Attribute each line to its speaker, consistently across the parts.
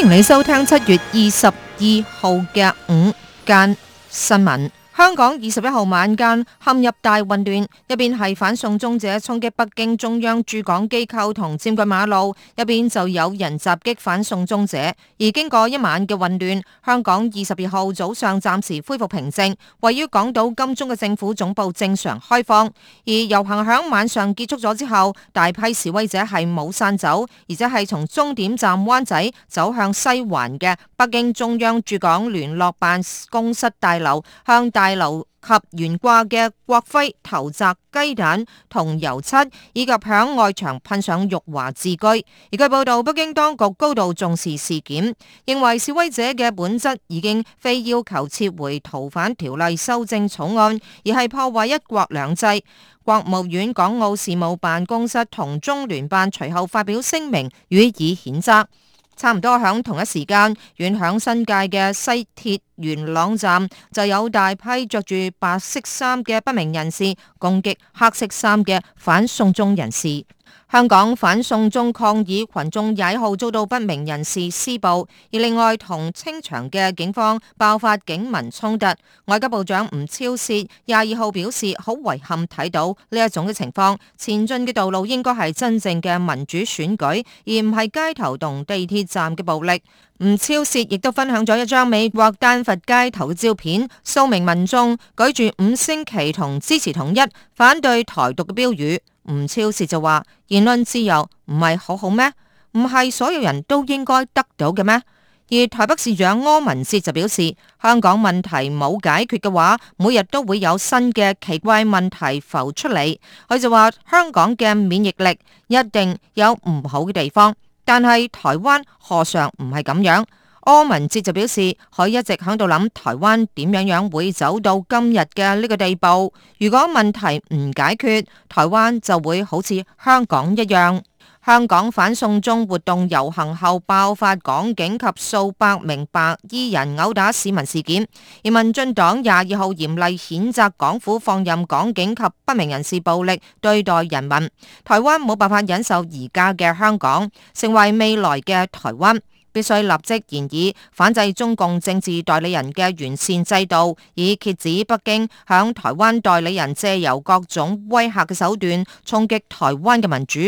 Speaker 1: 歡迎你收聽七月二十二號嘅午間新聞。香港二十一號晚間陷入大混亂，一邊係反送中者衝擊北京中央駐港機構同佔據馬路，一邊就有人襲擊反送中者。而經過一晚嘅混亂，香港二十二號早上暫時恢復平靜，位於港島金鐘嘅政府總部正常開放。而遊行響晚上結束咗之後，大批示威者係冇散走，而且係從終點站灣仔走向西環嘅北京中央駐港聯絡辦公室大樓，向大。大樓及懸掛嘅國徽投擲雞蛋同油漆，以及響外牆噴上辱華字句。而據報道，北京當局高度重視事件，認為示威者嘅本質已經非要求撤回逃犯條例修正草案，而係破壞一國兩制。國務院港澳事務辦公室同中聯辦隨後發表聲明予以譴責。差唔多響同一時間，遠響新界嘅西鐵元朗站，就有大批着住白色衫嘅不明人士攻擊黑色衫嘅反送中人士。香港反送中抗議群眾廿一號遭到不明人士施暴，而另外同清場嘅警方爆發警民衝突。外交部長吳釗燮，廿二號表示好遺憾睇到呢一種嘅情況，前進嘅道路應該係真正嘅民主選舉，而唔係街頭同地鐵站嘅暴力。吳超攝亦都分享咗一張美國丹佛街頭嘅照片，數名民眾舉住五星旗同支持統一、反對台獨嘅標語。吳超攝就話：言論自由唔係好好咩？唔係所有人都應該得到嘅咩？而台北市長柯文哲就表示，香港問題冇解決嘅話，每日都會有新嘅奇怪問題浮出嚟。佢就話：香港嘅免疫力一定有唔好嘅地方。但係台灣何嘗唔係咁樣？柯文哲就表示，佢一直響度諗台灣點樣樣會走到今日嘅呢個地步。如果問題唔解決，台灣就會好似香港一樣。香港反送中活動遊行後爆發港警及數百名白衣人毆打市民事件，而民進黨廿二號嚴厲譴責港府放任港警及不明人士暴力對待人民。台灣冇辦法忍受而家嘅香港成為未來嘅台灣，必須立即研議反制中共政治代理人嘅完善制度，以遏止北京向台灣代理人借由各種威嚇嘅手段衝擊台灣嘅民主。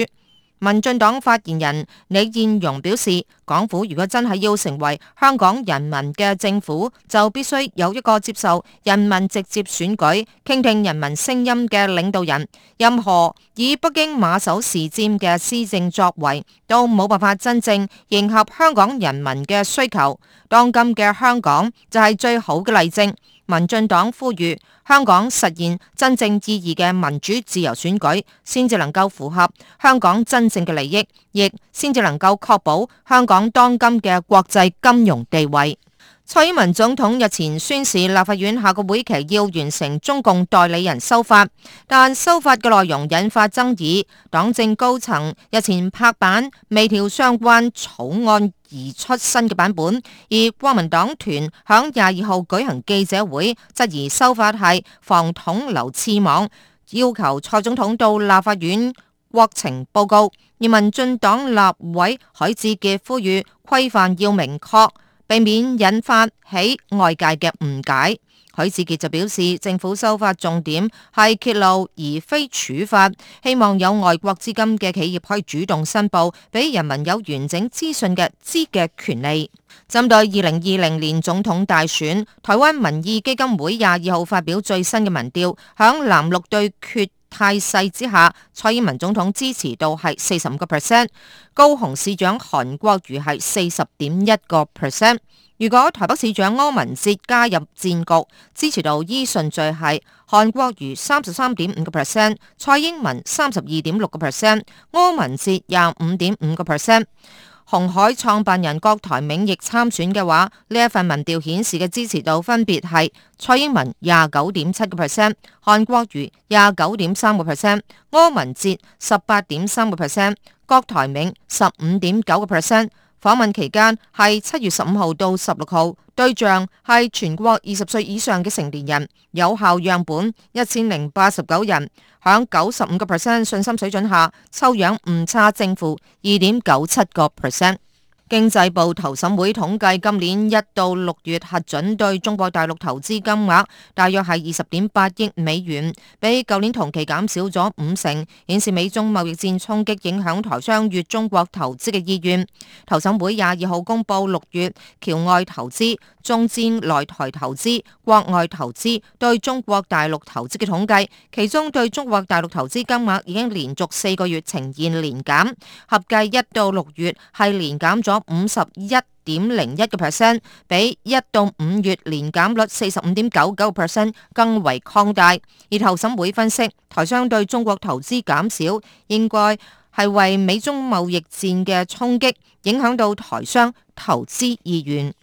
Speaker 1: 民進黨發言人李彥榮表示，港府如果真係要成為香港人民嘅政府，就必須有一個接受人民直接選舉、傾聽人民聲音嘅領導人。任何以北京馬首是瞻嘅施政作為，都冇辦法真正迎合香港人民嘅需求。當今嘅香港就係最好嘅例證。民進黨呼籲香港實現真正意義嘅民主自由選舉，先至能夠符合香港真正嘅利益，亦先至能夠確保香港當今嘅國際金融地位。蔡英文總統日前宣示，立法院下個會期要完成中共代理人修法，但修法嘅內容引發爭議。黨政高層日前拍板微調相關草案而出新嘅版本，而國民黨團響廿二號舉行記者會，質疑修法係防統流刺網，要求蔡總統到立法院國情報告。而民進黨立委許智傑呼籲規範要明確。避免引發起外界嘅誤解，許志傑就表示，政府修法重點係揭露而非處罰，希望有外國資金嘅企業可以主動申報，俾人民有完整資訊嘅知嘅權利。針對二零二零年總統大選，台灣民意基金會廿二號發表最新嘅民調，響藍綠對決，態勢之下，蔡英文總統支持度係四十五個 percent，高雄市長韓國瑜係四十點一個 percent。如果台北市長柯文哲加入戰局，支持度依順序係韓國瑜三十三點五個 percent，蔡英文三十二點六個 percent，柯文哲廿五點五個 percent。鴻海創辦人郭台銘亦參選嘅話，呢一份民調顯示嘅支持度分別係蔡英文廿九點七個 percent，韓國瑜廿九點三個 percent，柯文哲十八點三個 percent，郭台銘十五點九個 percent。訪問期間係七月十五號到十六號，對象係全國二十歲以上嘅成年人，有效樣本一千零八十九人，響九十五個 percent 信心水準下，抽樣誤差正負二點九七個 percent。經濟部投審會統計，今年一到六月核准對中國大陸投資金額大約係二十點八億美元，比舊年同期減少咗五成，顯示美中貿易戰衝擊影響台商越中國投資嘅意願。投審會廿二號公布六月僑外投資、中占來台投資、國外投資對中國大陸投資嘅統計，其中對中國大陸投資金額已經連續四個月呈現年減，合計一到六月係年減咗。五十一點零一個 percent，比一到五月年減率四十五點九九個 percent 更為擴大。而投審會分析，台商對中國投資減少，應該係為美中貿易戰嘅衝擊影響到台商投資意願。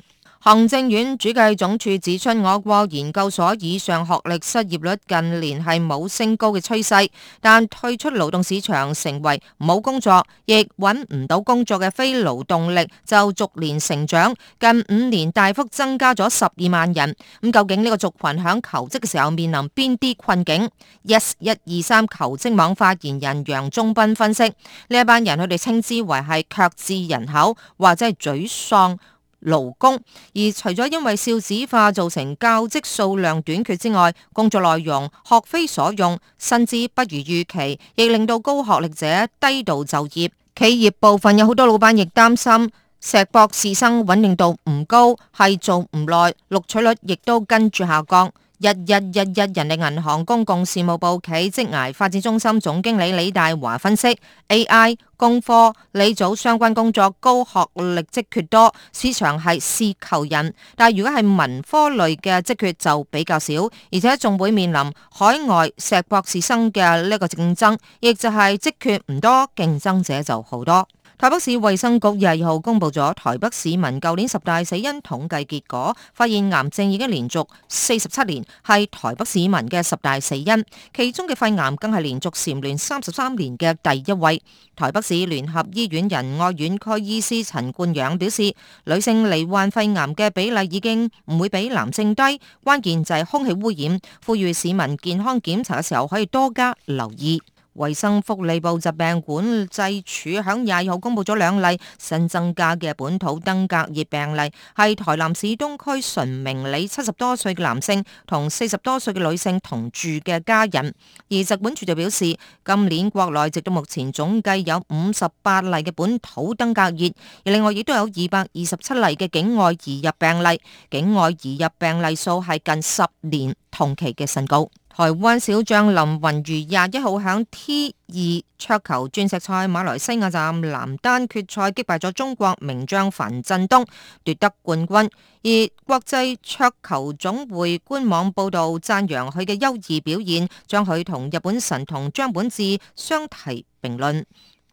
Speaker 1: 行政院主計總署指出，我國研究所以上學歷失業率近年係冇升高嘅趨勢，但退出勞動市場，成為冇工作亦搵唔到工作嘅非勞動力就逐年成長，近五年大幅增加咗十二萬人。咁究竟呢個族群響求職嘅時候面臨邊啲困境？yes 一二三求職網發言人楊忠斌分析，呢一班人佢哋稱之為係卻智人口或者係沮喪。勞工，而除咗因為少子化造成教職數量短缺之外，工作內容學非所用，甚至不如預期，亦令到高學歷者低度就業。企業部分有好多老闆亦擔心，碩博士生穩定度唔高，係做唔耐，錄取率亦都跟住下降。日日日日，人力銀行公共事務部企職涯發展中心總經理李大華分析：AI 工科、理組相關工作高學歷職缺多，市場係事求人。但如果係文科類嘅職缺就比較少，而且仲會面臨海外碩博士生嘅呢個競爭，亦就係職缺唔多，競爭者就好多。台北市衛生局廿二號公佈咗台北市民舊年十大死因統計結果，發現癌症已經連續四十七年係台北市民嘅十大死因，其中嘅肺癌更係連續蟬聯三十三年嘅第一位。台北市聯合醫院仁愛院區醫師陳冠陽表示，女性罹患肺癌嘅比例已經唔會比男性低，關鍵就係空氣污染，呼籲市民健康檢查嘅時候可以多加留意。衛生福利部疾病管制處響廿號公布咗兩例新增加嘅本土登革熱病例，係台南市東區純明里七十多歲嘅男性同四十多歲嘅女性同住嘅家人。而疾管處就表示，今年國內直到目前總計有五十八例嘅本土登革熱，而另外亦都有二百二十七例嘅境外移入病例，境外移入病例數係近十年。同期嘅信稿，台灣小將林雲如廿一號喺 T2 桌球鑽石賽馬來西亞站男單決賽擊敗咗中國名將樊振東，奪得冠軍。而國際桌球總會官網報道讚揚佢嘅優異表現，將佢同日本神童張本智相提並論。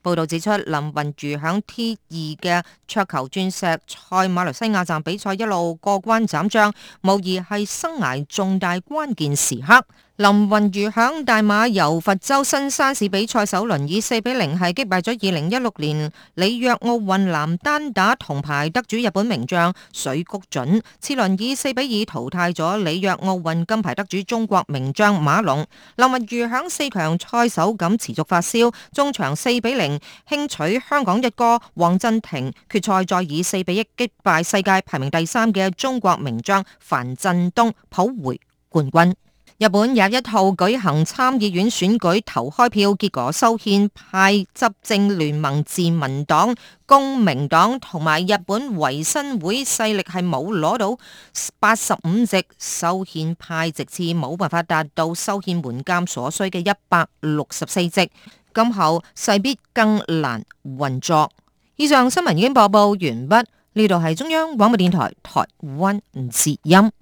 Speaker 1: 報道指出，林文住響 T2 嘅桌球鑽石賽馬來西亞站比賽一路過關斬將，無疑係生涯重大關鍵時刻。林雲如響大馬柔佛州新山市比賽首輪以四比零係擊敗咗二零一六年里約奧運男單打銅牌得主日本名將水谷隼，次輪以四比二淘汰咗里約奧運金牌得主中國名將馬龍。林雲如響四強賽手感持續發燒，中場四比零輕取香港一哥王振廷，決賽再以四比一擊敗世界排名第三嘅中國名將樊振東，抱回冠軍。日本廿一號舉行參議院選舉投開票，結果修憲派執政聯盟自民黨、公明黨同埋日本維新會勢力係冇攞到八十五席修憲，修憲派直至冇辦法達到修憲門檻所需嘅一百六十四席，今後勢必更難運作。以上新聞已經播報完畢，呢度係中央廣播電台台灣之音。